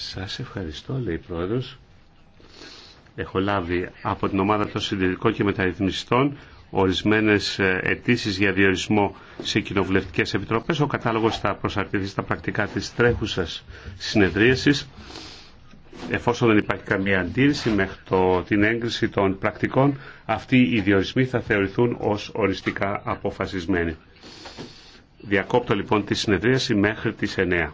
Σας ευχαριστώ, λέει η Πρόεδρος. Έχω λάβει από την ομάδα των συντηρητικών και μεταρρυθμιστών ορισμένες ε, αιτήσει για διορισμό σε κοινοβουλευτικέ επιτροπές. Ο κατάλογος θα προσαρτηθεί στα πρακτικά της τρέχουσας συνεδρίασης. Εφόσον δεν υπάρχει καμία αντίρρηση μέχρι το, την έγκριση των πρακτικών, αυτοί οι διορισμοί θα θεωρηθούν ως οριστικά αποφασισμένοι. Διακόπτω λοιπόν τη συνεδρίαση μέχρι τις 9.